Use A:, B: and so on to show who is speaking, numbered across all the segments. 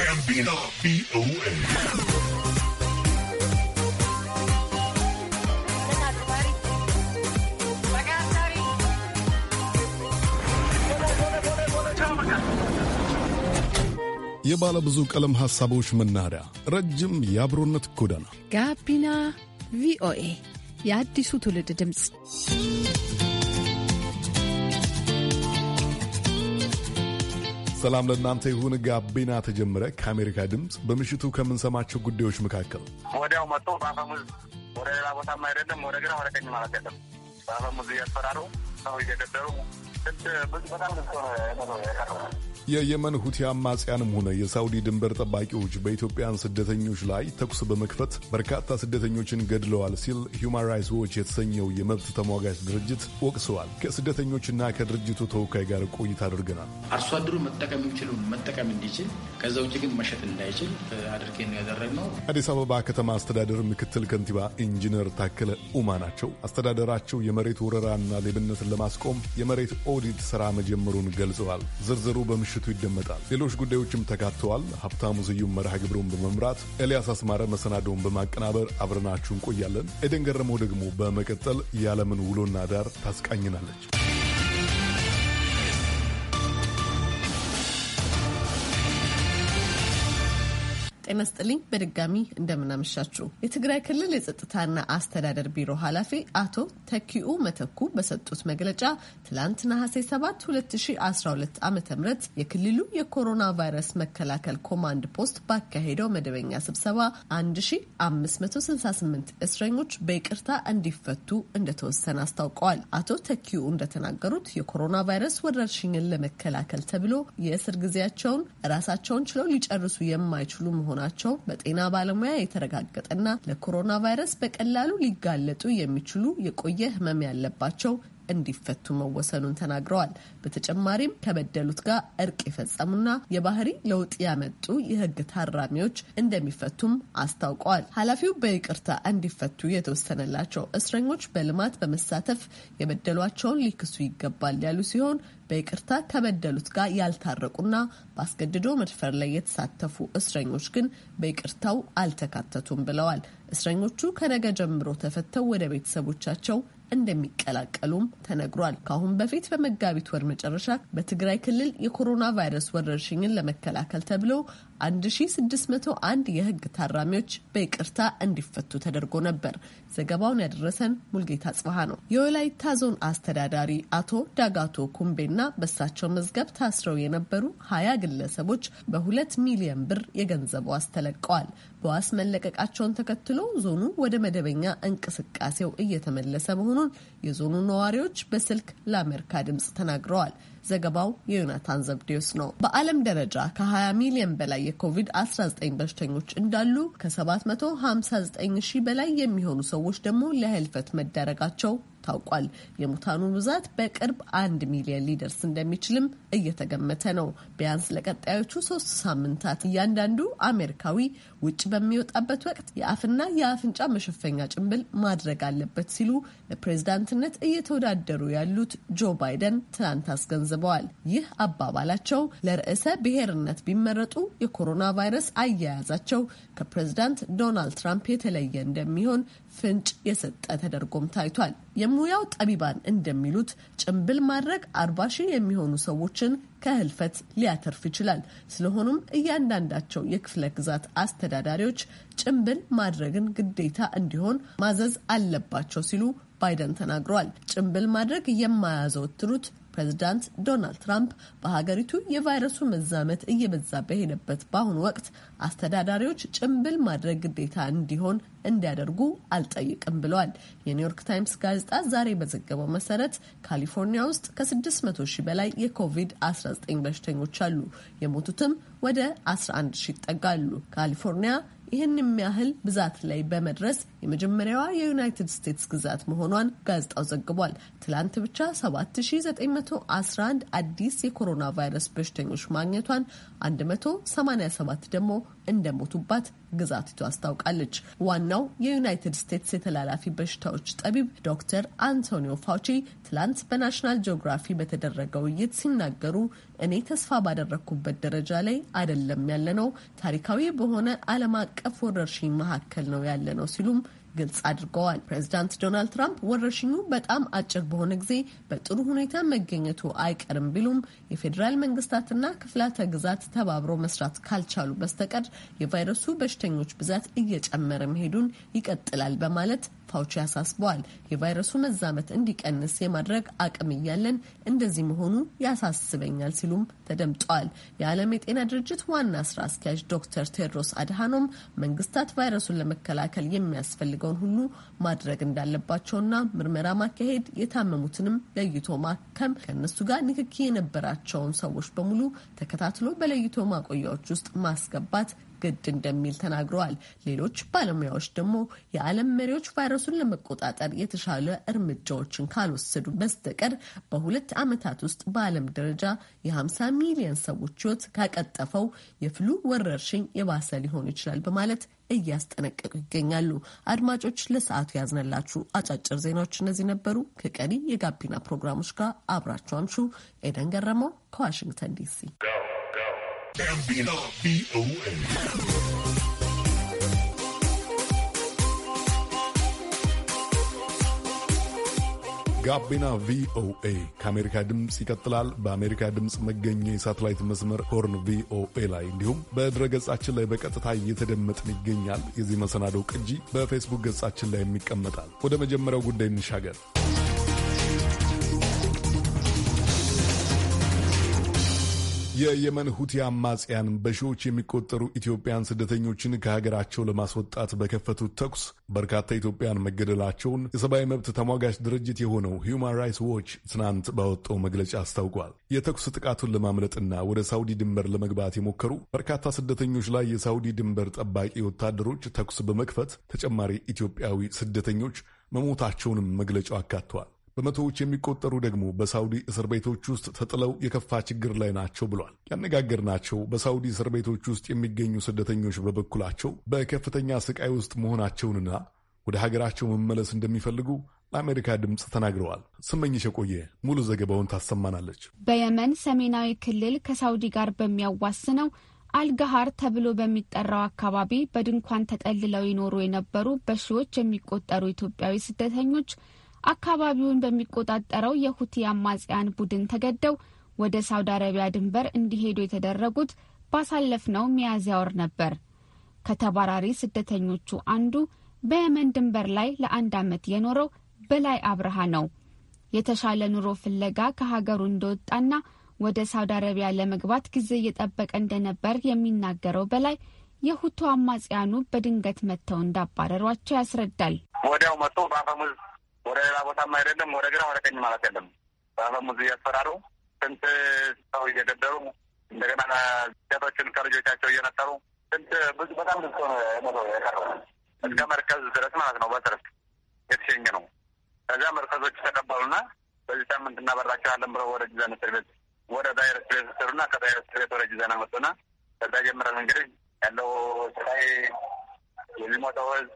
A: B-O-A. የባለ ብዙ ቀለም ሐሳቦች መናኸሪያ፣ ረጅም የአብሮነት ጎዳና፣
B: ጋቢና ቪኦኤ የአዲሱ ትውልድ ድምፅ
A: ሰላም ለእናንተ ይሁን። ጋቢና ተጀመረ ከአሜሪካ ድምፅ። በምሽቱ ከምንሰማቸው ጉዳዮች መካከል ወዲያው መጥቶ
C: በአፈሙዝ ወደ ሌላ ቦታም አይደለም ወደ ግራ ወደ ቀኝ ማለት ያለም በአፈሙዝ እያስፈራሩ ሰው እየገደሩ
A: የየመን ሁቲ አማጽያንም ሆነ የሳውዲ ድንበር ጠባቂዎች በኢትዮጵያን ስደተኞች ላይ ተኩስ በመክፈት በርካታ ስደተኞችን ገድለዋል ሲል ሁማን ራይትስ ዎች የተሰኘው የመብት ተሟጋች ድርጅት ወቅሰዋል። ከስደተኞችና ከድርጅቱ ተወካይ ጋር ቆይታ አድርገናል።
D: አርሶ አድሩ መጠቀም የሚችሉ መጠቀም እንዲችል ከዛ ውጭ ግን መሸጥ እንዳይችል አድርጌ ነው ያደረግነው።
A: አዲስ አበባ ከተማ አስተዳደር ምክትል ከንቲባ ኢንጂነር ታከለ ኡማ ናቸው። አስተዳደራቸው የመሬት ወረራና ሌብነትን ለማስቆም የመሬት ኦ የኦዲት ሥራ መጀመሩን ገልጸዋል። ዝርዝሩ በምሽቱ ይደመጣል። ሌሎች ጉዳዮችም ተካተዋል። ሀብታሙ ስዩም መርሃ ግብሩን በመምራት ኤልያስ አስማረ መሰናዶውን በማቀናበር አብረናችሁ እንቆያለን። ኤደን ገረመው ደግሞ በመቀጠል የዓለምን ውሎና ዳር ታስቃኝናለች።
B: ጤና ስጥልኝ በድጋሚ እንደምናመሻችሁ። የትግራይ ክልል የጸጥታና አስተዳደር ቢሮ ኃላፊ አቶ ተኪኡ መተኩ በሰጡት መግለጫ ትላንት ነሐሴ 7 2012 ዓ ም የክልሉ የኮሮና ቫይረስ መከላከል ኮማንድ ፖስት ባካሄደው መደበኛ ስብሰባ 1568 እስረኞች በይቅርታ እንዲፈቱ እንደተወሰነ አስታውቀዋል። አቶ ተኪኡ እንደተናገሩት የኮሮና ቫይረስ ወረርሽኝን ለመከላከል ተብሎ የእስር ጊዜያቸውን ራሳቸውን ችለው ሊጨርሱ የማይችሉ መሆኑ መሆናቸው በጤና ባለሙያ የተረጋገጠና ለኮሮና ቫይረስ በቀላሉ ሊጋለጡ የሚችሉ የቆየ ህመም ያለባቸው እንዲፈቱ መወሰኑን ተናግረዋል። በተጨማሪም ከበደሉት ጋር እርቅ የፈጸሙና የባህሪ ለውጥ ያመጡ የህግ ታራሚዎች እንደሚፈቱም አስታውቀዋል። ኃላፊው በይቅርታ እንዲፈቱ የተወሰነላቸው እስረኞች በልማት በመሳተፍ የበደሏቸውን ሊክሱ ይገባል ያሉ ሲሆን በይቅርታ ከበደሉት ጋር ያልታረቁና በአስገድዶ መድፈር ላይ የተሳተፉ እስረኞች ግን በይቅርታው አልተካተቱም ብለዋል። እስረኞቹ ከነገ ጀምሮ ተፈተው ወደ ቤተሰቦቻቸው እንደሚቀላቀሉም ተነግሯል። ከአሁን በፊት በመጋቢት ወር መጨረሻ በትግራይ ክልል የኮሮና ቫይረስ ወረርሽኝን ለመከላከል ተብሎ 1601 የሕግ ታራሚዎች በይቅርታ እንዲፈቱ ተደርጎ ነበር። ዘገባውን ያደረሰን ሙልጌታ ጽበሃ ነው። የወላይታ ዞን አስተዳዳሪ አቶ ዳጋቶ ኩምቤና በሳቸው መዝገብ ታስረው የነበሩ ሀያ ግለሰቦች በሁለት ሚሊዮን ብር የገንዘብ ዋስ ተለቀዋል። በዋስ መለቀቃቸውን ተከትሎ ዞኑ ወደ መደበኛ እንቅስቃሴው እየተመለሰ መሆኑ መሆኑን የዞኑ ነዋሪዎች በስልክ ለአሜሪካ ድምፅ ተናግረዋል። ዘገባው የዮናታን ዘብዴዎስ ነው። በዓለም ደረጃ ከ20 ሚሊዮን በላይ የኮቪድ-19 በሽተኞች እንዳሉ ከ759 ሺህ በላይ የሚሆኑ ሰዎች ደግሞ ለህልፈት መዳረጋቸው ታውቋል። የሙታኑ ብዛት በቅርብ አንድ ሚሊዮን ሊደርስ እንደሚችልም እየተገመተ ነው። ቢያንስ ለቀጣዮቹ ሶስት ሳምንታት እያንዳንዱ አሜሪካዊ ውጭ በሚወጣበት ወቅት የአፍና የአፍንጫ መሸፈኛ ጭንብል ማድረግ አለበት ሲሉ ለፕሬዝዳንትነት እየተወዳደሩ ያሉት ጆ ባይደን ትናንት አስገንዝበዋል። ይህ አባባላቸው ለርዕሰ ብሔርነት ቢመረጡ የኮሮና ቫይረስ አያያዛቸው ከፕሬዝዳንት ዶናልድ ትራምፕ የተለየ እንደሚሆን ፍንጭ የሰጠ ተደርጎም ታይቷል። የሙያው ጠቢባን እንደሚሉት ጭንብል ማድረግ አርባ ሺህ የሚሆኑ ሰዎችን ከህልፈት ሊያተርፍ ይችላል። ስለሆኑም እያንዳንዳቸው የክፍለ ግዛት አስተዳዳሪዎች ጭንብል ማድረግን ግዴታ እንዲሆን ማዘዝ አለባቸው ሲሉ ባይደን ተናግረዋል። ጭንብል ማድረግ የማያዘወትሩት ፕሬዚዳንት ዶናልድ ትራምፕ በሀገሪቱ የቫይረሱ መዛመት እየበዛ በሄደበት በአሁኑ ወቅት አስተዳዳሪዎች ጭንብል ማድረግ ግዴታ እንዲሆን እንዲያደርጉ አልጠይቅም ብለዋል። የኒውዮርክ ታይምስ ጋዜጣ ዛሬ በዘገበው መሰረት ካሊፎርኒያ ውስጥ ከ600 ሺህ በላይ የኮቪድ-19 በሽተኞች አሉ። የሞቱትም ወደ 11 ሺህ ይጠጋሉ። ካሊፎርኒያ ይህን ያህል ብዛት ላይ በመድረስ የመጀመሪያዋ የዩናይትድ ስቴትስ ግዛት መሆኗን ጋዜጣው ዘግቧል። ትላንት ብቻ 7911 አዲስ የኮሮና ቫይረስ በሽተኞች ማግኘቷን 187 ደግሞ እንደሞቱባት ግዛቲቱ አስታውቃለች። ዋናው የዩናይትድ ስቴትስ የተላላፊ በሽታዎች ጠቢብ ዶክተር አንቶኒዮ ፋውቺ ትላንት በናሽናል ጂኦግራፊ በተደረገ ውይይት ሲናገሩ እኔ ተስፋ ባደረግኩበት ደረጃ ላይ አይደለም ያለነው ታሪካዊ በሆነ ዓለም አቀፍ ወረርሽኝ መካከል ነው ያለነው ሲሉም ግልጽ አድርገዋል። ፕሬዚዳንት ዶናልድ ትራምፕ ወረርሽኙ በጣም አጭር በሆነ ጊዜ በጥሩ ሁኔታ መገኘቱ አይቀርም ቢሉም የፌዴራል መንግስታትና ክፍላተ ግዛት ተባብሮ መስራት ካልቻሉ በስተቀር የቫይረሱ በሽተኞች ብዛት እየጨመረ መሄዱን ይቀጥላል በማለት ፋውቺ አሳስበዋል። የቫይረሱ መዛመት እንዲቀንስ የማድረግ አቅም እያለን እንደዚህ መሆኑ ያሳስበኛል ሲሉም ተደምጠዋል። የዓለም የጤና ድርጅት ዋና ስራ አስኪያጅ ዶክተር ቴድሮስ አድሃኖም መንግስታት ቫይረሱን ለመከላከል የሚያስፈልገውን ሁሉ ማድረግ እንዳለባቸውና ምርመራ ማካሄድ፣ የታመሙትንም ለይቶ ማከም፣ ከእነሱ ጋር ንክኪ የነበራቸውን ሰዎች በሙሉ ተከታትሎ በለይቶ ማቆያዎች ውስጥ ማስገባት ግድ እንደሚል ተናግረዋል። ሌሎች ባለሙያዎች ደግሞ የዓለም መሪዎች ቫይረሱን ለመቆጣጠር የተሻለ እርምጃዎችን ካልወሰዱ በስተቀር በሁለት ዓመታት ውስጥ በዓለም ደረጃ የ50 ሚሊዮን ሰዎች ሕይወት ካቀጠፈው የፍሉ ወረርሽኝ የባሰ ሊሆን ይችላል በማለት እያስጠነቀቁ ይገኛሉ። አድማጮች፣ ለሰዓቱ ያዝነላችሁ አጫጭር ዜናዎች እነዚህ ነበሩ። ከቀሪ የጋቢና ፕሮግራሞች ጋር አብራችሁ አምሹ። ኤደን ገረመው ከዋሽንግተን ዲሲ
C: ጋቢና ቪኦኤ
A: ጋቢና ቪኦኤ ከአሜሪካ ድምፅ ይቀጥላል። በአሜሪካ ድምፅ መገኛ የሳተላይት መስመር ሆርን ቪኦኤ ላይ እንዲሁም ገጻችን ላይ በቀጥታ እየተደመጥን ይገኛል። የዚህ መሰናዶው ቅጂ በፌስቡክ ገጻችን ላይ የሚቀመጣል። ወደ መጀመሪያው ጉዳይ እንሻገር። የየመን ሁቲ አማጽያን በሺዎች የሚቆጠሩ ኢትዮጵያን ስደተኞችን ከሀገራቸው ለማስወጣት በከፈቱት ተኩስ በርካታ ኢትዮጵያን መገደላቸውን የሰብአዊ መብት ተሟጋች ድርጅት የሆነው ሂውማን ራይትስ ዎች ትናንት ባወጣው መግለጫ አስታውቋል። የተኩስ ጥቃቱን ለማምለጥና ወደ ሳውዲ ድንበር ለመግባት የሞከሩ በርካታ ስደተኞች ላይ የሳውዲ ድንበር ጠባቂ ወታደሮች ተኩስ በመክፈት ተጨማሪ ኢትዮጵያዊ ስደተኞች መሞታቸውንም መግለጫው አካቷል። በመቶዎች የሚቆጠሩ ደግሞ በሳውዲ እስር ቤቶች ውስጥ ተጥለው የከፋ ችግር ላይ ናቸው ብሏል። ያነጋገርናቸው በሳውዲ እስር ቤቶች ውስጥ የሚገኙ ስደተኞች በበኩላቸው በከፍተኛ ስቃይ ውስጥ መሆናቸውንና ወደ ሀገራቸው መመለስ እንደሚፈልጉ ለአሜሪካ ድምፅ ተናግረዋል። ስመኝሽ የቆየ ሙሉ ዘገባውን ታሰማናለች።
E: በየመን ሰሜናዊ ክልል ከሳውዲ ጋር በሚያዋስነው አልጋሃር ተብሎ በሚጠራው አካባቢ በድንኳን ተጠልለው ይኖሩ የነበሩ በሺዎች የሚቆጠሩ ኢትዮጵያዊ ስደተኞች አካባቢውን በሚቆጣጠረው የሁቲ አማጽያን ቡድን ተገደው ወደ ሳውዲ አረቢያ ድንበር እንዲሄዱ የተደረጉት ባሳለፍነው ሚያዝያ ወር ነበር። ከተባራሪ ስደተኞቹ አንዱ በየመን ድንበር ላይ ለአንድ ዓመት የኖረው በላይ አብርሃ ነው። የተሻለ ኑሮ ፍለጋ ከሀገሩ እንደወጣና ወደ ሳውዲ አረቢያ ለመግባት ጊዜ እየጠበቀ እንደነበር የሚናገረው በላይ የሁቱ አማጽያኑ በድንገት መጥተው እንዳባረሯቸው ያስረዳል።
C: ወዲያው መጥቶ በአፈሙዝ ወደ ሌላ ቦታም አይደለም፣ ወደ ግራ ወደ ቀኝ ማለት የለም። በአፈሙዝ እያስፈራሩ ስንት ሰው እየገደሉ እንደገና ሴቶችን ከልጆቻቸው እየነጠሩ ስንት ብዙ በጣም ብዙ ነው የቀረው እስከ መርከዝ ድረስ ማለት ነው። በትርፍ የተሸኘ ነው። ከዚያ መርከዞች ተቀበሉና በዚህ ሳምንት እናበራቸዋለን ብለው ወደ ጊዜ እስር ቤት ወደ ዳይር እስር ቤት ስሩና ከዳይር እስር ቤት ወደ ጊዜ ጊዛን አመጡና ከዛ ጀምረን እንግዲህ ያለው ስራይ የሚሞተው ህዝብ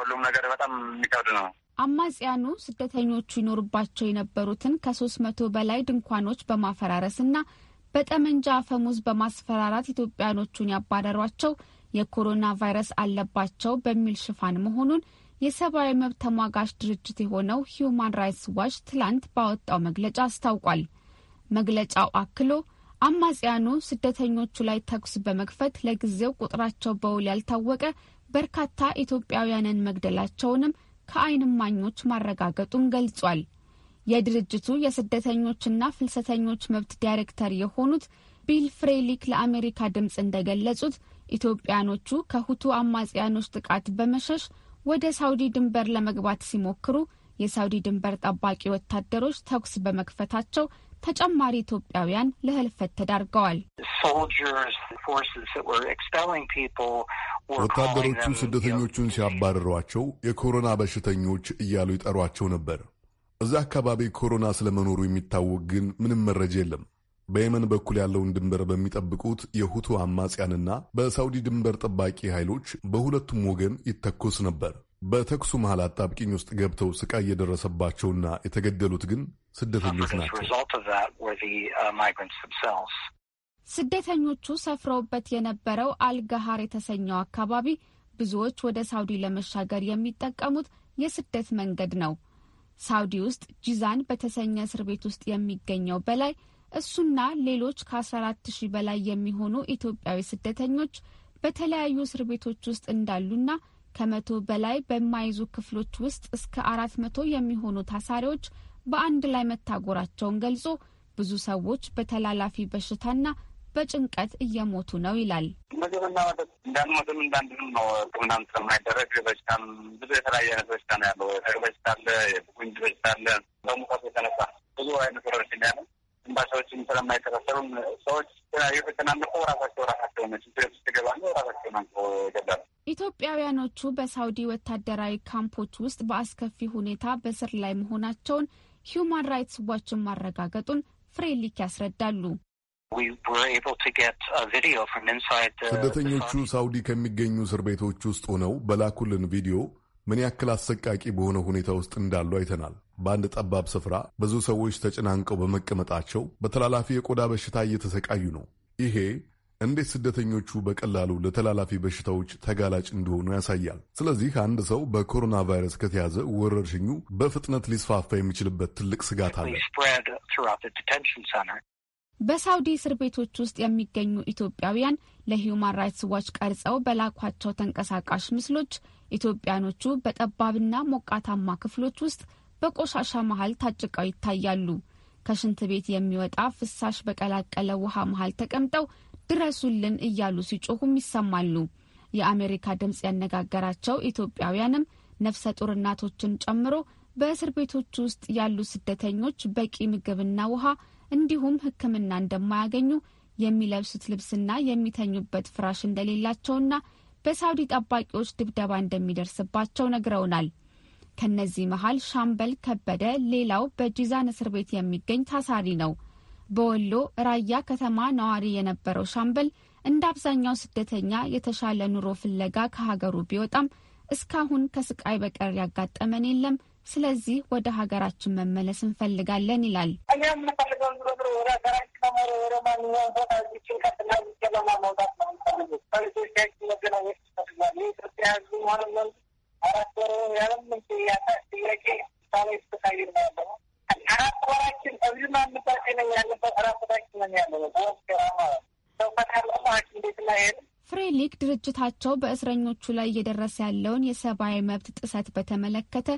C: ሁሉም ነገር በጣም
E: የሚከብድ ነው። አማጽያኑ ስደተኞቹ ይኖሩባቸው የነበሩትን ከሶስት መቶ በላይ ድንኳኖች በማፈራረስና በጠመንጃ አፈሙዝ በማስፈራራት ኢትዮጵያኖቹን ያባረሯቸው የኮሮና ቫይረስ አለባቸው በሚል ሽፋን መሆኑን የሰብአዊ መብት ተሟጋች ድርጅት የሆነው ሂዩማን ራይትስ ዋች ትላንት ባወጣው መግለጫ አስታውቋል። መግለጫው አክሎ አማጽያኑ ስደተኞቹ ላይ ተኩስ በመክፈት ለጊዜው ቁጥራቸው በውል ያልታወቀ በርካታ ኢትዮጵያውያንን መግደላቸውንም ከዓይን እማኞች ማረጋገጡን ገልጿል። የድርጅቱ የስደተኞችና ፍልሰተኞች መብት ዳይሬክተር የሆኑት ቢል ፍሬሊክ ለአሜሪካ ድምፅ እንደገለጹት ኢትዮጵያኖቹ ከሁቱ አማጽያኖች ጥቃት በመሸሽ ወደ ሳውዲ ድንበር ለመግባት ሲሞክሩ የሳውዲ ድንበር ጠባቂ ወታደሮች ተኩስ በመክፈታቸው ተጨማሪ ኢትዮጵያውያን ለህልፈት ተዳርገዋል።
C: ወታደሮቹ
A: ስደተኞቹን ሲያባረሯቸው የኮሮና በሽተኞች እያሉ ይጠሯቸው ነበር። እዛ አካባቢ ኮሮና ስለመኖሩ የሚታወቅ ግን ምንም መረጃ የለም። በየመን በኩል ያለውን ድንበር በሚጠብቁት የሁቱ አማጽያንና በሳውዲ ድንበር ጠባቂ ኃይሎች በሁለቱም ወገን ይተኮስ ነበር። በተኩሱ መሃል አጣብቂኝ ውስጥ ገብተው ስቃይ የደረሰባቸውና የተገደሉት ግን ስደተኞች ናቸው።
E: ስደተኞቹ ሰፍረውበት የነበረው አልጋሃር የተሰኘው አካባቢ ብዙዎች ወደ ሳውዲ ለመሻገር የሚጠቀሙት የስደት መንገድ ነው። ሳውዲ ውስጥ ጂዛን በተሰኘ እስር ቤት ውስጥ የሚገኘው በላይ እሱና ሌሎች ከ14 ሺ በላይ የሚሆኑ ኢትዮጵያዊ ስደተኞች በተለያዩ እስር ቤቶች ውስጥ እንዳሉና ከመቶ በላይ በማይዙ ክፍሎች ውስጥ እስከ አራት መቶ የሚሆኑ ታሳሪዎች በአንድ ላይ መታጎራቸውን ገልጾ ብዙ ሰዎች በተላላፊ በሽታና በጭንቀት እየሞቱ ነው ይላል።
C: መጀመሪያ ማለት እንዳንሞትም እንዳንድንም ነው። ህክምናም ስለማይደረግ በሽታም ብዙ የተለያየ አይነት በሽታ ነው ያለው። በሽታ አለ፣ የቁንጅ በሽታ አለ። በሙቀቱ የተነሳ ብዙ አይነት ወረርሽኝ ነው ያለው። ግንባሻዎችም ስለማይከታተሉም ሰዎች የተጨናነቁ ራሳቸው ራሳቸው ነች ውስጥ ይገባሉ። ራሳቸው ናቸው ይገባሉ።
E: ኢትዮጵያውያኖቹ በሳውዲ ወታደራዊ ካምፖች ውስጥ በአስከፊ ሁኔታ በስር ላይ መሆናቸውን ሂዩማን ራይትስ ዋችን ማረጋገጡን ፍሬሊክ ያስረዳሉ።
C: ስደተኞቹ
A: ሳውዲ ከሚገኙ እስር ቤቶች ውስጥ ሆነው በላኩልን ቪዲዮ ምን ያክል አሰቃቂ በሆነ ሁኔታ ውስጥ እንዳሉ አይተናል። በአንድ ጠባብ ስፍራ ብዙ ሰዎች ተጨናንቀው በመቀመጣቸው በተላላፊ የቆዳ በሽታ እየተሰቃዩ ነው። ይሄ እንዴት ስደተኞቹ በቀላሉ ለተላላፊ በሽታዎች ተጋላጭ እንደሆኑ ያሳያል። ስለዚህ አንድ ሰው በኮሮና ቫይረስ ከተያዘ ወረርሽኙ በፍጥነት ሊስፋፋ የሚችልበት ትልቅ ስጋት አለ።
E: በሳውዲ እስር ቤቶች ውስጥ የሚገኙ ኢትዮጵያውያን ለሂዩማን ራይትስ ዋች ቀርጸው በላኳቸው ተንቀሳቃሽ ምስሎች ኢትዮጵያኖቹ በጠባብና ሞቃታማ ክፍሎች ውስጥ በቆሻሻ መሀል ታጭቀው ይታያሉ። ከሽንት ቤት የሚወጣ ፍሳሽ በቀላቀለ ውሃ መሀል ተቀምጠው ድረሱልን እያሉ ሲጮሁም ይሰማሉ። የአሜሪካ ድምፅ ያነጋገራቸው ኢትዮጵያውያንም ነፍሰ ጡር እናቶችን ጨምሮ በእስር ቤቶች ውስጥ ያሉ ስደተኞች በቂ ምግብና ውሃ እንዲሁም ሕክምና እንደማያገኙ የሚለብሱት ልብስና የሚተኙበት ፍራሽ እንደሌላቸውና በሳውዲ ጠባቂዎች ድብደባ እንደሚደርስባቸው ነግረውናል። ከነዚህ መሀል ሻምበል ከበደ ሌላው በጂዛን እስር ቤት የሚገኝ ታሳሪ ነው። በወሎ ራያ ከተማ ነዋሪ የነበረው ሻምበል እንደ አብዛኛው ስደተኛ የተሻለ ኑሮ ፍለጋ ከሀገሩ ቢወጣም እስካሁን ከስቃይ በቀር ያጋጠመን የለም ስለዚህ ወደ ሀገራችን መመለስ እንፈልጋለን ይላል። የምንፈልገው
F: ላይ
E: ፍሬሊክ ድርጅታቸው በእስረኞቹ ላይ እየደረሰ ያለውን የሰብአዊ መብት ጥሰት በተመለከተ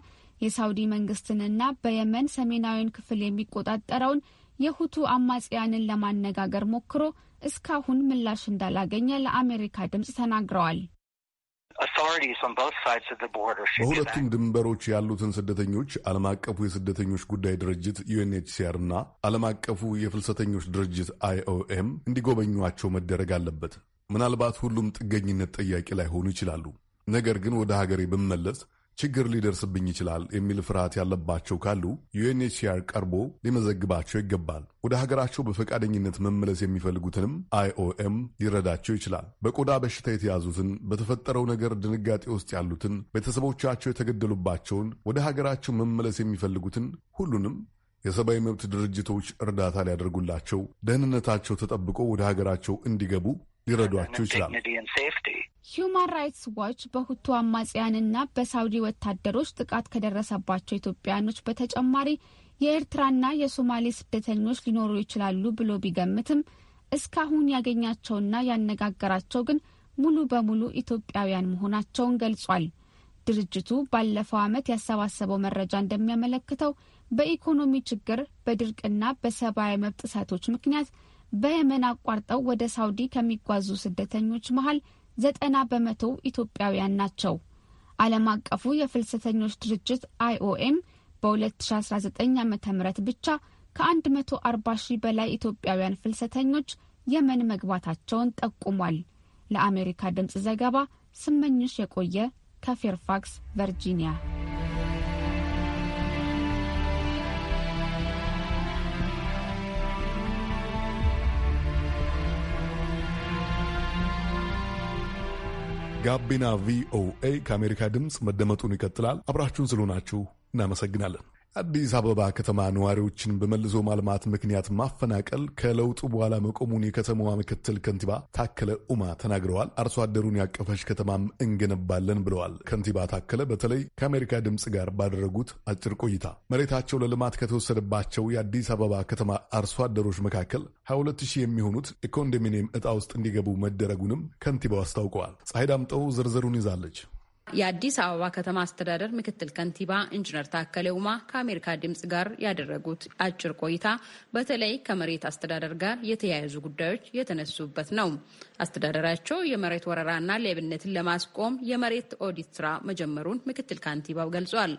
E: የሳውዲ መንግስትንና በየመን ሰሜናዊን ክፍል የሚቆጣጠረውን የሁቱ አማጽያንን ለማነጋገር ሞክሮ እስካሁን ምላሽ እንዳላገኘ ለአሜሪካ ድምፅ ተናግረዋል።
A: በሁለቱም ድንበሮች ያሉትን ስደተኞች ዓለም አቀፉ የስደተኞች ጉዳይ ድርጅት ዩኤንኤችሲአር እና ዓለም አቀፉ የፍልሰተኞች ድርጅት አይኦኤም እንዲጎበኟቸው መደረግ አለበት። ምናልባት ሁሉም ጥገኝነት ጠያቂ ላይሆኑ ይችላሉ። ነገር ግን ወደ ሀገሬ ብመለስ ችግር ሊደርስብኝ ይችላል የሚል ፍርሃት ያለባቸው ካሉ ዩኤንኤችሲአር ቀርቦ ሊመዘግባቸው ይገባል። ወደ ሀገራቸው በፈቃደኝነት መመለስ የሚፈልጉትንም አይኦኤም ሊረዳቸው ይችላል። በቆዳ በሽታ የተያዙትን፣ በተፈጠረው ነገር ድንጋጤ ውስጥ ያሉትን፣ ቤተሰቦቻቸው የተገደሉባቸውን፣ ወደ ሀገራቸው መመለስ የሚፈልጉትን ሁሉንም የሰብአዊ መብት ድርጅቶች እርዳታ ሊያደርጉላቸው ደህንነታቸው ተጠብቆ ወደ ሀገራቸው እንዲገቡ ሊረዷቸው ይችላል።
E: ሂውማን ራይትስ ዋች በሁቱ አማጽያንና በሳውዲ ወታደሮች ጥቃት ከደረሰባቸው ኢትዮጵያውያኖች በተጨማሪ የኤርትራና የሶማሌ ስደተኞች ሊኖሩ ይችላሉ ብሎ ቢገምትም እስካሁን ያገኛቸውና ያነጋገራቸው ግን ሙሉ በሙሉ ኢትዮጵያውያን መሆናቸውን ገልጿል። ድርጅቱ ባለፈው ዓመት ያሰባሰበው መረጃ እንደሚያመለክተው በኢኮኖሚ ችግር፣ በድርቅና በሰብአዊ መብት ጥሰቶች ምክንያት በየመን አቋርጠው ወደ ሳውዲ ከሚጓዙ ስደተኞች መሀል ዘጠና በመቶ ኢትዮጵያውያን ናቸው። ዓለም አቀፉ የፍልሰተኞች ድርጅት አይኦኤም በ2019 ዓ ም ብቻ ከ140 ሺህ በላይ ኢትዮጵያውያን ፍልሰተኞች የመን መግባታቸውን ጠቁሟል። ለአሜሪካ ድምፅ ዘገባ ስመኝሽ የቆየ ከፌርፋክስ ቨርጂኒያ
A: ጋቢና ቪኦኤ ከአሜሪካ ድምፅ መደመጡን ይቀጥላል። አብራችሁን ስለሆናችሁ እናመሰግናለን። አዲስ አበባ ከተማ ነዋሪዎችን በመልሶ ማልማት ምክንያት ማፈናቀል ከለውጡ በኋላ መቆሙን የከተማዋ ምክትል ከንቲባ ታከለ ኡማ ተናግረዋል። አርሶ አደሩን ያቀፈች ከተማም እንገነባለን ብለዋል። ከንቲባ ታከለ በተለይ ከአሜሪካ ድምፅ ጋር ባደረጉት አጭር ቆይታ መሬታቸው ለልማት ከተወሰደባቸው የአዲስ አበባ ከተማ አርሶ አደሮች መካከል 22 የሚሆኑት የኮንዶሚኒየም ዕጣ ውስጥ እንዲገቡ መደረጉንም ከንቲባው አስታውቀዋል። ፀሐይ ዳምጠው ዝርዝሩን ይዛለች።
G: የአዲስ አበባ ከተማ አስተዳደር ምክትል ከንቲባ ኢንጂነር ታከለ ውማ ከአሜሪካ ድምጽ ጋር ያደረጉት አጭር ቆይታ በተለይ ከመሬት አስተዳደር ጋር የተያያዙ ጉዳዮች የተነሱበት ነው። አስተዳደራቸው የመሬት ወረራና ሌብነትን ለማስቆም የመሬት ኦዲት ስራ መጀመሩን ምክትል ከንቲባው ገልጿል።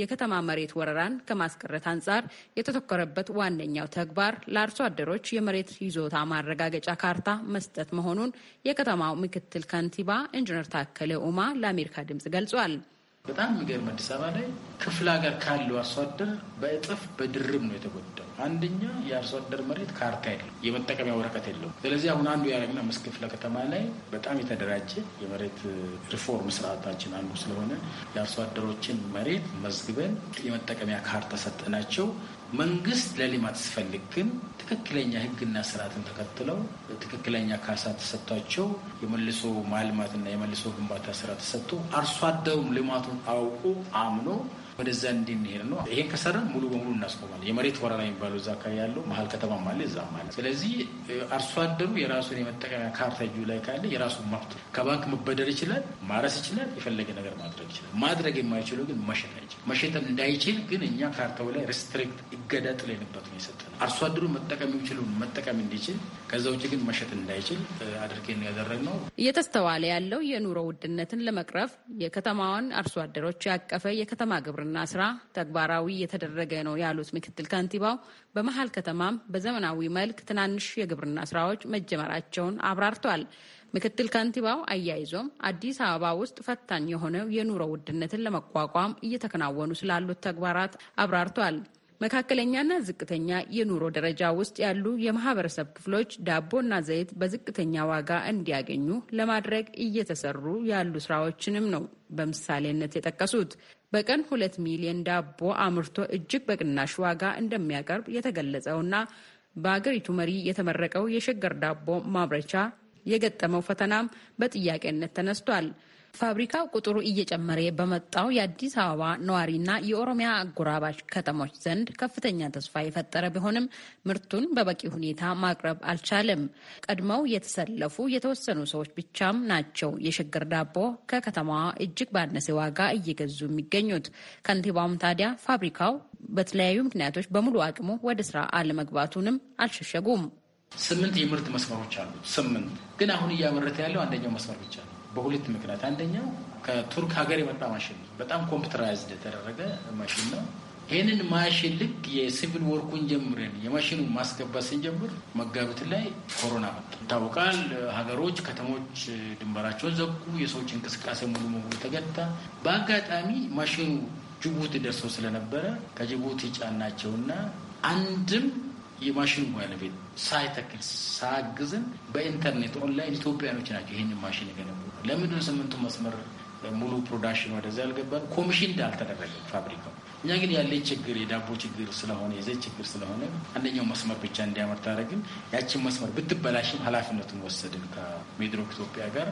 G: የከተማ መሬት ወረራን ከማስቀረት አንጻር የተተኮረበት ዋነኛው ተግባር ለአርሶ አደሮች የመሬት ይዞታ ማረጋገጫ ካርታ መስጠት መሆኑን የከተማው ምክትል ከንቲባ ኢንጂነር ታከለ ኡማ ለአሜሪካ ድምፅ ገልጿል። በጣም የሚገርም
D: አዲስ አበባ ላይ ክፍለ ሀገር ካለው አርሶ አደር በእጥፍ በድርብ ነው የተጎዳው። አንደኛ የአርሶ አደር መሬት ካርታ የለም፣ የመጠቀሚያ ወረቀት የለውም። ስለዚህ አሁን አንዱ ያደረግና ምስ ክፍለ ከተማ ላይ በጣም የተደራጀ የመሬት ሪፎርም ስርዓታችን አንዱ ስለሆነ የአርሶ አደሮችን መሬት መዝግበን የመጠቀሚያ ካርታ ሰጠናቸው። መንግስት ለልማት ሲፈልግ ግን ትክክለኛ ሕግና ስርዓትን ተከትለው ትክክለኛ ካሳ ተሰጥቷቸው የመልሶ ማልማትና የመልሶ ግንባታ ስራ ተሰጥቶ አርሶ አደሩም ልማቱን አውቁ አምኖ ወደዛ እንድንሄድ ነው። ይሄን ከሰራን ሙሉ በሙሉ እናስቆማለን። የመሬት ወረራ የሚባለው እዛ አካባቢ ያለው መሀል ከተማም አለ እዛ ማለት። ስለዚህ አርሶ አደሩ የራሱን የመጠቀሚያ ካርታ እጁ ላይ ካለ የራሱን መብት ከባንክ መበደር ይችላል፣ ማረስ ይችላል፣ የፈለገ ነገር ማድረግ ይችላል። ማድረግ የማይችለው ግን መሸጥ አይችል መሸጥም እንዳይችል ግን እኛ ካርታው ላይ ሪስትሪክት እገዳ ጥለንበት ነው የሰጠነው። አርሶ አደሩ መጠቀም የሚችለውን መጠቀም እንዲችል ከዛ ውጭ ግን መሸጥ እንዳይችል አድርገን ያደረግነው።
G: እየተስተዋለ ያለው የኑሮ ውድነትን ለመቅረፍ የከተማዋን አርሶ አደሮች ያቀፈ የከተማ ግብር የግብርና ስራ ተግባራዊ እየተደረገ ነው ያሉት ምክትል ከንቲባው በመሀል ከተማም በዘመናዊ መልክ ትናንሽ የግብርና ስራዎች መጀመራቸውን አብራርተዋል። ምክትል ከንቲባው አያይዞም አዲስ አበባ ውስጥ ፈታኝ የሆነው የኑሮ ውድነትን ለመቋቋም እየተከናወኑ ስላሉት ተግባራት አብራርተዋል። መካከለኛና ዝቅተኛ የኑሮ ደረጃ ውስጥ ያሉ የማህበረሰብ ክፍሎች ዳቦና ዘይት በዝቅተኛ ዋጋ እንዲያገኙ ለማድረግ እየተሰሩ ያሉ ስራዎችንም ነው በምሳሌነት የጠቀሱት። በቀን ሁለት ሚሊዮን ዳቦ አምርቶ እጅግ በቅናሽ ዋጋ እንደሚያቀርብ የተገለጸውና በአገሪቱ መሪ የተመረቀው የሸገር ዳቦ ማምረቻ የገጠመው ፈተናም በጥያቄነት ተነስቷል። ፋብሪካው ቁጥሩ እየጨመረ በመጣው የአዲስ አበባ ነዋሪና የኦሮሚያ አጎራባች ከተሞች ዘንድ ከፍተኛ ተስፋ የፈጠረ ቢሆንም ምርቱን በበቂ ሁኔታ ማቅረብ አልቻለም። ቀድመው የተሰለፉ የተወሰኑ ሰዎች ብቻም ናቸው የሽግር ዳቦ ከከተማዋ እጅግ ባነሰ ዋጋ እየገዙ የሚገኙት። ከንቲባውም ታዲያ ፋብሪካው በተለያዩ ምክንያቶች በሙሉ አቅሙ ወደ ስራ አለመግባቱንም አልሸሸጉም።
D: ስምንት የምርት መስመሮች አሉ። ስምንት ግን አሁን እያመረተ ያለው አንደኛው መስመር ብቻ ነው። በሁለት ምክንያት፣ አንደኛው ከቱርክ ሀገር የመጣ ማሽን ነው። በጣም ኮምፒውተራይዝድ የተደረገ ማሽን ነው። ይህንን ማሽን ልክ የሲቪል ወርኩን ጀምረን የማሽኑ ማስገባት ስንጀምር መጋቢት ላይ ኮሮና መጣ። ይታወቃል። ሀገሮች፣ ከተሞች ድንበራቸውን ዘጉ። የሰዎች እንቅስቃሴ ሙሉ በሙሉ ተገታ። በአጋጣሚ ማሽኑ ጅቡቲ ደርሰው ስለነበረ ከጅቡቲ ጫናቸውና አንድም የማሽኑ ባለቤት ሳይተክል ሳያግዝን በኢንተርኔት ኦንላይን ኢትዮጵያኖች ናቸው ይህንን ማሽን የገነቡ። ለምንድን ስምንቱ መስመር ሙሉ ፕሮዳክሽን ወደዚያ ያልገባ ኮሚሽን እንዳልተደረገ ፋብሪካው እኛ ግን ያለ ችግር የዳቦ ችግር ስለሆነ የዘይት ችግር ስለሆነ አንደኛው መስመር ብቻ እንዲያመርት አደረግን። ያችን መስመር ብትበላሽም ኃላፊነቱን ወሰድን። ከሜድሮክ ኢትዮጵያ ጋር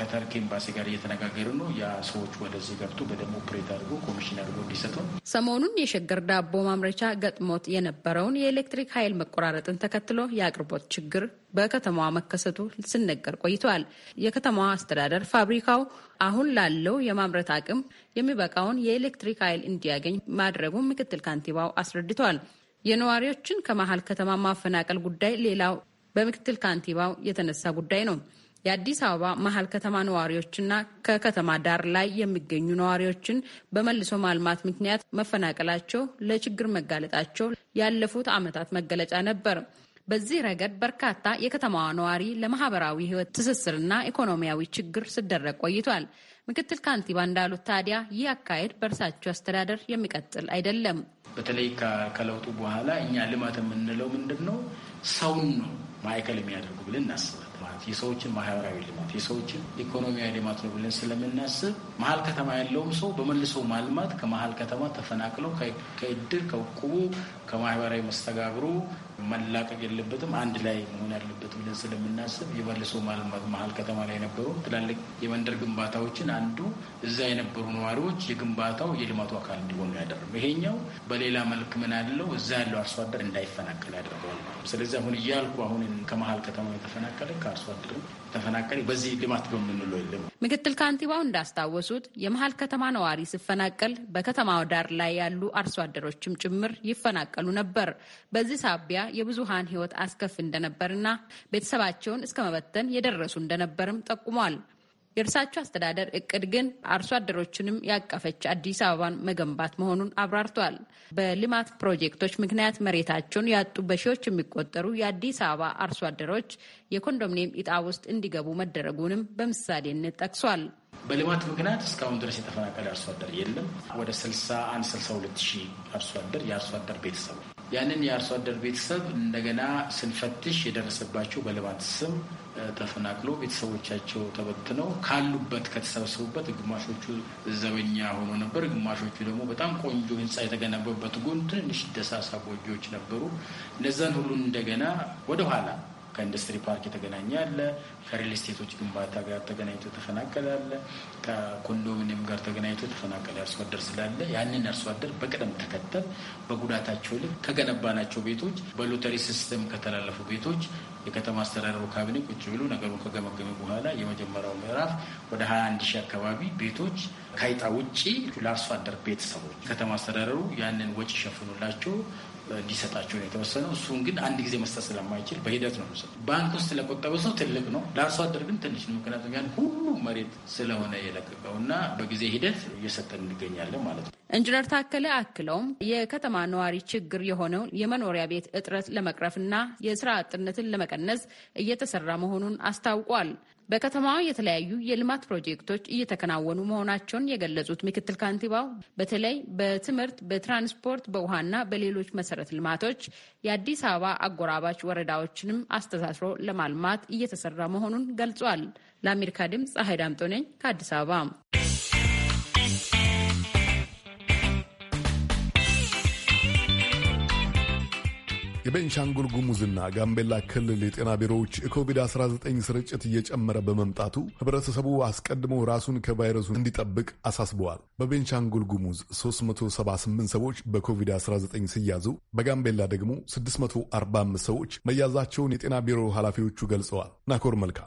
D: ከተርክ ኤምባሲ ጋር እየተነጋገርን ነው። ያ ሰዎች ወደዚህ ገብቶ በደሞ ኦፕሬት አድርጎ ኮሚሽን አድርጎ እንዲሰጡ።
G: ሰሞኑን የሸገር ዳቦ ማምረቻ ገጥሞት የነበረውን የኤሌክትሪክ ኃይል መቆራረጥን ተከትሎ የአቅርቦት ችግር በከተማዋ መከሰቱ ሲነገር ቆይተዋል። የከተማዋ አስተዳደር ፋብሪካው አሁን ላለው የማምረት አቅም የሚበቃውን የኤሌክትሪክ ኃይል እንዲያገኝ ማድረጉን ምክትል ካንቲባው አስረድቷል። የነዋሪዎችን ከመሀል ከተማ ማፈናቀል ጉዳይ ሌላው በምክትል ካንቲባው የተነሳ ጉዳይ ነው። የአዲስ አበባ መሀል ከተማ ነዋሪዎችና ከከተማ ዳር ላይ የሚገኙ ነዋሪዎችን በመልሶ ማልማት ምክንያት መፈናቀላቸው ለችግር መጋለጣቸው ያለፉት ዓመታት መገለጫ ነበር። በዚህ ረገድ በርካታ የከተማዋ ነዋሪ ለማህበራዊ ህይወት ትስስርና ኢኮኖሚያዊ ችግር ሲደረግ ቆይቷል። ምክትል ካንቲባ እንዳሉት ታዲያ ይህ አካሄድ በእርሳቸው አስተዳደር የሚቀጥል አይደለም።
D: በተለይ ከለውጡ በኋላ እኛ ልማት የምንለው ምንድን ነው? ሰውን ነው ማዕከል የሚያደርጉ ብለን እናስባል። የሰዎችን ማህበራዊ ልማት፣ የሰዎችን ኢኮኖሚያዊ ልማት ነው ብለን ስለምናስብ መሀል ከተማ ያለውም ሰው በመልሶ ማልማት ከመሀል ከተማ ተፈናቅለው ከእድር ከእቁቡ ከማህበራዊ መስተጋብሩ መላቀቅ የለበትም፣ አንድ ላይ መሆን ያለበት ብለን ስለምናስብ የባለሰው ማልማት መሀል ከተማ ላይ የነበሩ ትላልቅ የመንደር ግንባታዎችን አንዱ እዛ የነበሩ ነዋሪዎች የግንባታው የልማቱ አካል እንዲሆኑ ያደርም። ይሄኛው በሌላ መልክ ምን አለው እዛ ያለው አርሶ አደር እንዳይፈናቀል ያደርገዋል። ስለዚህ አሁን እያልኩ አሁን ከመሀል ከተማ የተፈናቀለ ከአርሶ አደር ተፈናቀለ በዚህ ልማት
G: በምንለው የለም። ምክትል ካንቲባው እንዳስታወሱት የመሀል ከተማ ነዋሪ ሲፈናቀል በከተማው ዳር ላይ ያሉ አርሶ አደሮችም ጭምር ይፈናቀሉ ነበር። በዚህ ሳቢያ የብዙሃን ህይወት አስከፊ እንደነበርና ቤተሰባቸውን እስከ መበተን የደረሱ እንደነበርም ጠቁሟል። የእርሳቸው አስተዳደር እቅድ ግን አርሶ አደሮችንም ያቀፈች አዲስ አበባን መገንባት መሆኑን አብራርቷል። በልማት ፕሮጀክቶች ምክንያት መሬታቸውን ያጡ በሺዎች የሚቆጠሩ የአዲስ አበባ አርሶ አደሮች የኮንዶሚኒየም ዕጣ ውስጥ እንዲገቡ መደረጉንም በምሳሌነት ጠቅሷል።
D: በልማት ምክንያት እስካሁን ድረስ የተፈናቀለ አርሶ አደር የለም። ወደ 61 62 ሺህ አርሶ አደር የአርሶ አደር ቤተሰብ ያንን የአርሶ አደር ቤተሰብ እንደገና ስንፈትሽ የደረሰባቸው በልማት ስም ተፈናቅሎ ቤተሰቦቻቸው ተበትነው ካሉበት ከተሰበሰቡበት ግማሾቹ ዘበኛ ሆኖ ነበር። ግማሾቹ ደግሞ በጣም ቆንጆ ሕንፃ የተገነበበት ጎን ትንሽ ደሳሳ ጎጆዎች ነበሩ። እነዛን ሁሉን እንደገና ወደኋላ ከኢንዱስትሪ ፓርክ የተገናኘ አለ፣ ከሪል ስቴቶች ግንባታ ጋር ተገናኝቶ ተፈናቀለ አለ፣ ከኮንዶሚኒየም ጋር ተገናኝቶ ተፈናቀለ አርሶ አደር ስላለ ያንን አርሶ አደር በቅደም ተከተል በጉዳታቸው ልክ ከገነባናቸው ቤቶች በሎተሪ ሲስተም ከተላለፉ ቤቶች የከተማ አስተዳደሩ ካቢኔ ቁጭ ብሎ ነገሩን ከገመገመ በኋላ የመጀመሪያው ምዕራፍ ወደ 21 ሺህ አካባቢ ቤቶች ከይጣ ውጭ ለአርሶ አደር ቤተሰቦች ከተማ አስተዳደሩ ያንን ወጪ ሸፍኑላቸው እንዲሰጣቸው ነው የተወሰነው። እሱን ግን አንድ ጊዜ መስጠት ስለማይችል በሂደት ነው ሰ ባንክ ውስጥ ለቆጠበ ሰው ትልቅ ነው፣ ለአርሶ አደር ግን ትንሽ ነው። ምክንያቱም ያን ሁሉ መሬት ስለሆነ የለቀቀው እና በጊዜ ሂደት እየሰጠን እንገኛለን ማለት ነው።
G: ኢንጂነር ታከለ አክለውም የከተማ ነዋሪ ችግር የሆነውን የመኖሪያ ቤት እጥረት ለመቅረፍና የስራ አጥነትን ለመቀነስ እየተሰራ መሆኑን አስታውቋል። በከተማዋ የተለያዩ የልማት ፕሮጀክቶች እየተከናወኑ መሆናቸውን የገለጹት ምክትል ካንቲባው በተለይ በትምህርት፣ በትራንስፖርት፣ በውሃና በሌሎች መሰረተ ልማቶች የአዲስ አበባ አጎራባች ወረዳዎችንም አስተሳስሮ ለማልማት እየተሰራ መሆኑን ገልጿል። ለአሜሪካ ድምፅ ፀሐይ ዳምጦ ነኝ ከአዲስ አበባ
A: የቤንሻንጉል ጉሙዝና ጋምቤላ ክልል የጤና ቢሮዎች የኮቪድ-19 ስርጭት እየጨመረ በመምጣቱ ህብረተሰቡ አስቀድሞ ራሱን ከቫይረሱ እንዲጠብቅ አሳስበዋል። በቤንሻንጉል ጉሙዝ 378 ሰዎች በኮቪድ-19 ሲያዙ በጋምቤላ ደግሞ 645 ሰዎች መያዛቸውን የጤና ቢሮ ኃላፊዎቹ ገልጸዋል። ናኮር መልካ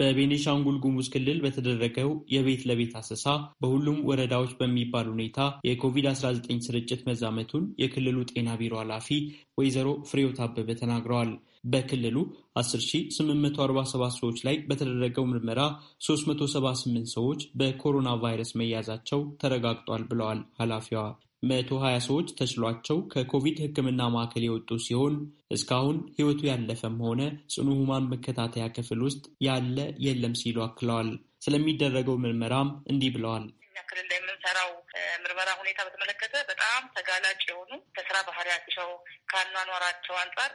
H: በቤኒሻንጉል ጉሙዝ ክልል በተደረገው የቤት ለቤት አሰሳ በሁሉም ወረዳዎች በሚባል ሁኔታ የኮቪድ-19 ስርጭት መዛመቱን የክልሉ ጤና ቢሮ ኃላፊ ወይዘሮ ፍሬዮት አበበ ተናግረዋል። በክልሉ 10847 ሰዎች ላይ በተደረገው ምርመራ 378 ሰዎች በኮሮና ቫይረስ መያዛቸው ተረጋግጧል ብለዋል ኃላፊዋ። መቶ ሀያ ሰዎች ተችሏቸው ከኮቪድ ሕክምና ማዕከል የወጡ ሲሆን እስካሁን ህይወቱ ያለፈም ሆነ ጽኑ ህሙማን መከታተያ ክፍል ውስጥ ያለ የለም ሲሉ አክለዋል። ስለሚደረገው ምርመራም እንዲህ ብለዋል። ክልል ላይ የምንሰራው
F: ምርመራ ሁኔታ በተመለከተ በጣም ተጋላጭ የሆኑ ከስራ ባህሪያቸው ከአኗኗራቸው አንጻር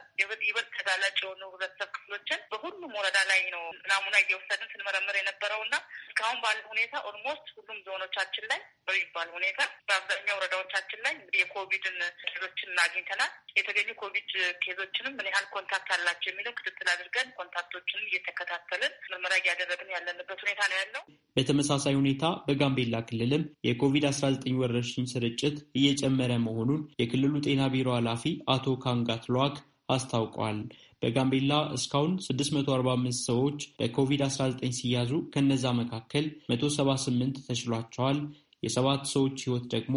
F: ይበልጥ ተጋላጭ የሆኑ ህብረተሰብ ክፍሎችን በሁሉም ወረዳ ላይ ነው ናሙና እየወሰድን ስንመረምር የነበረው እና እስካሁን ባለ ሁኔታ ኦልሞስት ሁሉም ዞኖቻችን ላይ በሚባል ሁኔታ በአብዛኛው ወረዳዎቻችን ላይ እንግዲህ የኮቪድን ኬዞችን አግኝተናል። የተገኙ ኮቪድ ኬዞችንም ምን ያህል ኮንታክት አላቸው የሚለው ክትትል አድርገን ኮንታክቶችንም እየተከታተልን
H: ምርመራ እያደረግን ያለንበት ሁኔታ ነው ያለው። በተመሳሳይ ሁኔታ በጋምቤላ ክልልም የኮቪድ አስራ ዘጠኝ ወረርሽኝ ስርጭት እየጨመረ መሆኑን የክልሉ ጤና ቢሮ ኃላፊ አቶ ካንጋት ሏክ አስታውቋል። በጋምቤላ እስካሁን 645 ሰዎች በኮቪድ-19 ሲያዙ ከነዛ መካከል 178 ተችሏቸዋል። የሰባት ሰዎች ሕይወት ደግሞ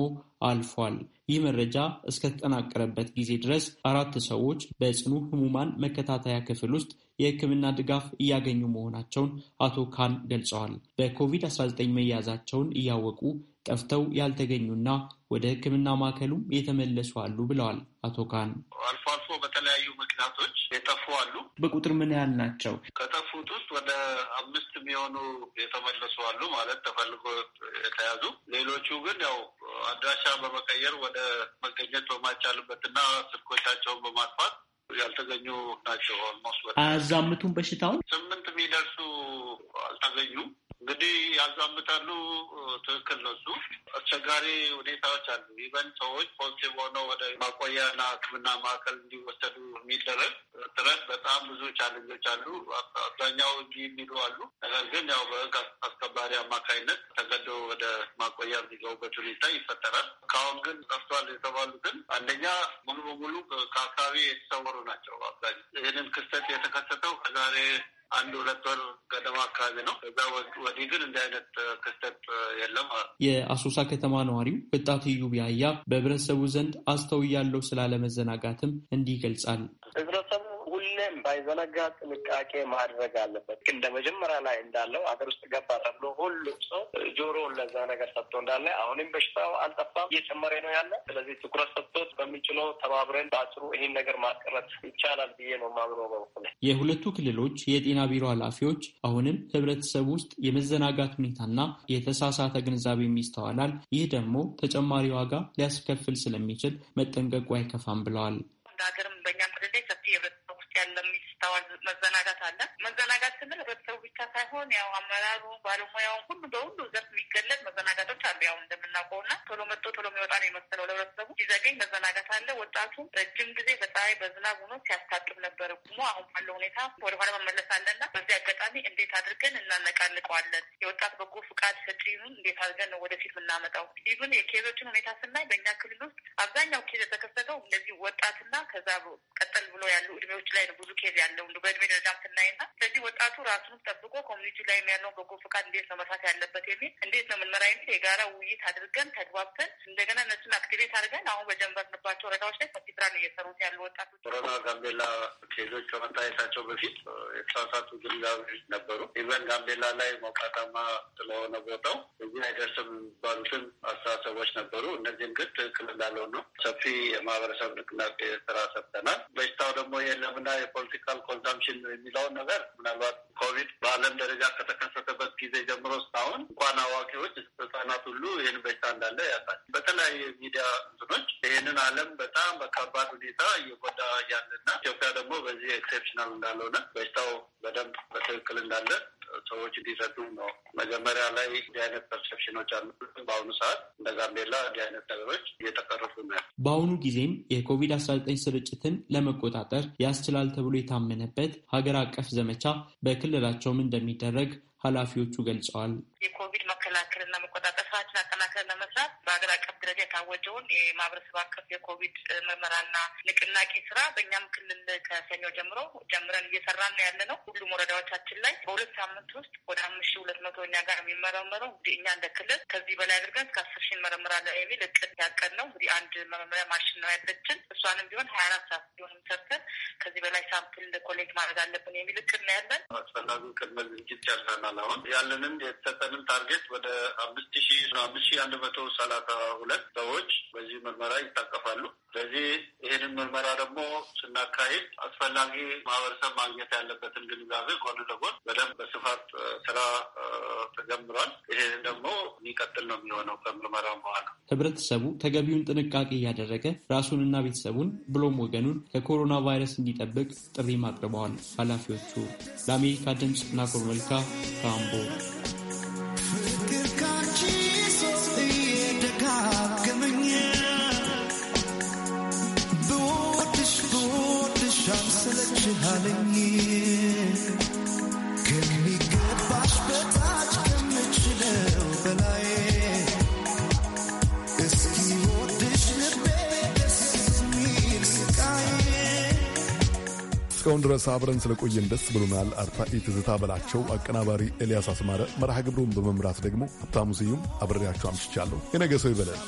H: አልፏል። ይህ መረጃ እስከተጠናቀረበት ጊዜ ድረስ አራት ሰዎች በጽኑ ህሙማን መከታተያ ክፍል ውስጥ የሕክምና ድጋፍ እያገኙ መሆናቸውን አቶ ካን ገልጸዋል። በኮቪድ-19 መያዛቸውን እያወቁ ጠፍተው ያልተገኙና ወደ ሕክምና ማዕከሉም የተመለሱ አሉ ብለዋል አቶ ካን። አልፎ አልፎ በተለያዩ ምክንያቶች የጠፉ አሉ። በቁጥር ምን ያህል ናቸው? ከጠፉት
I: ውስጥ ወደ አምስት የሚሆኑ የተመለሱ አሉ ማለት ተፈልጎ የተያዙ ሌሎቹ ግን ያው አድራሻ በመቀየር ወደ መገኘት በማይቻልበትና ስልኮቻቸውን በማጥፋት ያልተገኙ ናቸው። አልሞስት
H: አዛምቱን በሽታውን ስምንት የሚደርሱ
I: አልተገኙም። እንግዲህ ያዛምታሉ። ትክክል ነው። እሱ አስቸጋሪ ሁኔታዎች አሉ። ኢቨን ሰዎች ፖዚቲቭ ሆነው ወደ ማቆያና ሕክምና ማዕከል እንዲወሰዱ የሚደረግ ጥረት በጣም ብዙ ቻለንጆች አሉ። አብዛኛው እንጂ የሚሉ አሉ። ነገር ግን ያው በህግ አስከባሪ አማካኝነት ተገዶ ወደ ማቆያ የሚገቡበት ሁኔታ ይፈጠራል። ካሁን ግን ጠፍቷል የተባሉትን አንደኛ ሙሉ በሙሉ ከአካባቢ የተሰወሩ ናቸው። አብዛኛው ይህንን ክስተት የተከሰተው ከዛሬ አንድ ሁለት ወር ገደማ አካባቢ ነው። ከዛ ወዲህ ግን እንዲህ አይነት ክስተት
H: የለም። የአሶሳ ከተማ ነዋሪው ወጣት እዩ ቢያያ በህብረተሰቡ ዘንድ አስተውያለሁ ስላለመዘናጋትም እንዲህ ይገልጻል።
C: ህብረተሰቡ ሁሌም ባይዘነጋ ጥንቃቄ ማድረግ አለበት። እንደ መጀመሪያ ላይ እንዳለው ሀገር ውስጥ ገባ ተብሎ ሁሉም ሰው ጆሮውን ለዛ ነገር ሰጥቶ እንዳለ አሁንም በሽታው አልጠፋም፣ እየጨመረ ነው ያለ። ስለዚህ ትኩረት ሰጥቶት በሚችለው ተባብረን በአጭሩ ይህን ነገር ማስቀረት ይቻላል ብዬ ነው ማምነው።
H: በበኩል የሁለቱ ክልሎች የጤና ቢሮ ኃላፊዎች አሁንም ህብረተሰብ ውስጥ የመዘናጋት ሁኔታና የተሳሳተ ግንዛቤ ይስተዋላል። ይህ ደግሞ ተጨማሪ ዋጋ ሊያስከፍል ስለሚችል መጠንቀቁ አይከፋም ብለዋል። በእኛም
F: መዘናጋት አለ። መዘናጋት ስንል ህብረተሰቡ ብቻ ሳይሆን ያው አመራሩ፣ ባለሙያውን ሁሉ በሁሉ ዘርፍ የሚገለጽ መዘናጋቶች አሉ። ያው እንደምናውቀው እና ቶሎ መጥቶ ቶሎ የሚወጣ ነው የመሰለው ለህብረተሰቡ ሲዘገኝ መዘናጋት አለ። ወጣቱ ረጅም ጊዜ በፀሐይ በዝናብ ሆኖ ሲያስታጥብ ነበር። አሁን ባለው ሁኔታ ወደኋላ መመለስ አለና በዚህ አድርገን እናነቃልቀዋለን የወጣት በጎ ፍቃድ ሰጪውን እንዴት አድርገን ነው ወደፊት የምናመጣው? ኢቭን የኬዞችን ሁኔታ ስናይ በእኛ ክልል ውስጥ አብዛኛው ኬዝ የተከሰተው እንደዚህ ወጣትና ከዛ ቀጠል ብሎ ያሉ እድሜዎች ላይ ነው ብዙ ኬዝ ያለው በእድሜ ደረጃም ና ስለዚህ ወጣቱ ራሱን ጠብቆ ኮሚኒቲ ላይ ያለው በጎ ፍቃድ እንዴት ነው መስራት ያለበት የሚል እንዴት ነው ምንመራ የሚል የጋራ ውይይት አድርገን ተግባብተን እንደገና እነሱን አክቲቬት አድርገን አሁን በጀመርንባቸው ወረዳዎች ላይ ሰፊ ስራ ነው እየሰሩት ያሉ ወጣቶች።
I: ኮሮና ጋምቤላ ኬዞች ከመታየታቸው በፊት የተሳሳቱ ግንዛቤዎች ነበሩ። ኢቨን ጋምቤላ ላይ ሞቃታማ ስለሆነ ቦታው እዚህ አይደርስም ባሉትን አስተሳሰቦች ነበሩ። እነዚህም ግን ትክክል እንዳልሆኑ ሰፊ የማህበረሰብ ንቅናቄ ስራ ሰርተናል። በሽታው ደግሞ የለምና የፖለቲካል ኮንሳምፕሽን የሚለውን ነገር ምናልባት ኮቪድ በዓለም ደረጃ ከተከሰተበት ጊዜ ጀምሮ እስካሁን እንኳን አዋቂዎች ህጻናት ሁሉ ይህን በሽታ እንዳለ ያሳል። በተለያዩ ሚዲያ እንትኖች ይህንን ዓለም በጣም በከባድ ሁኔታ እየጎዳ ያለና ኢትዮጵያ ደግሞ በዚህ ኤክሴፕሽናል እንዳልሆነ በሽታው በደንብ በትክክል እንዳለ ሰዎች እንዲረዱ ነው። መጀመሪያ ላይ እንዲህ አይነት ፐርሰፕሽኖች አሉ። በአሁኑ ሰዓት እንደ ጋምቤላ እንዲህ አይነት ነገሮች እየተቀረፉ
H: ነው። በአሁኑ ጊዜም የኮቪድ አስራ ዘጠኝ ስርጭትን ለመቆጣጠር ያስችላል ተብሎ የታመነበት ሀገር አቀፍ ዘመቻ በክልላቸውም እንደሚደረግ ኃላፊዎቹ ገልጸዋል። የኮቪድ መከላከልና መቆጣጠር ስርዓት
F: የተዘጋጀውን የማህበረሰብ አቀፍ የኮቪድ ምርመራና ንቅናቄ ስራ በእኛም ክልል ከሰኞ ጀምሮ ጀምረን እየሰራ ነው ያለ ነው። ሁሉም ወረዳዎቻችን ላይ በሁለት ሳምንት ውስጥ ወደ አምስት ሺ ሁለት መቶ እኛ ጋር የሚመረመረው እንግዲህ እኛ እንደ ክልል ከዚህ በላይ አድርገን እስከ አስር ሺ እንመረምራለን የሚል እቅድ ያቀድ ነው። እንግዲህ አንድ መመሪያ ማሽን ነው ያለችን። እሷንም ቢሆን ሀያ አራት ሰዓት ቢሆንም ሰርተን ከዚህ በላይ ሳምፕል ኮሌክት ማድረግ አለብን የሚል እቅድ ነው ያለን።
I: አስፈላጊ ቅድመ ዝግጅት ጨርሰናል። አሁን ያለንን የተሰጠንን ታርጌት ወደ አምስት ሺ አምስት ሺ አንድ መቶ ሰላሳ ሁለት ሰዎች በዚህ ምርመራ ይታቀፋሉ። ስለዚህ ይህንን ምርመራ ደግሞ ስናካሄድ
H: አስፈላጊ ማህበረሰብ ማግኘት ያለበትን ግንዛቤ ጎን ለጎን በደንብ በስፋት ስራ ተጀምሯል። ይህንን ደግሞ የሚቀጥል ነው የሚሆነው ከምርመራ በኋላ ህብረተሰቡ ተገቢውን ጥንቃቄ እያደረገ ራሱንና ቤተሰቡን ብሎም ወገኑን ከኮሮና ቫይረስ እንዲጠብቅ ጥሪ ማቅርበዋል ኃላፊዎቹ። ለአሜሪካ ድምፅ ናኮር መልካ ካምቦ
C: በላይ
A: እስካሁን ድረስ አብረን ስለቆየን ደስ ብሎናል። አርታኢ ትዝታ በላቸው፣ አቀናባሪ ኤልያስ አስማረ፣ መርሃ ግብሩን በመምራት ደግሞ ሀብታሙ ስዩም አብሬያቸው አምሽቻለሁ። የነገ ሰው ይበለን።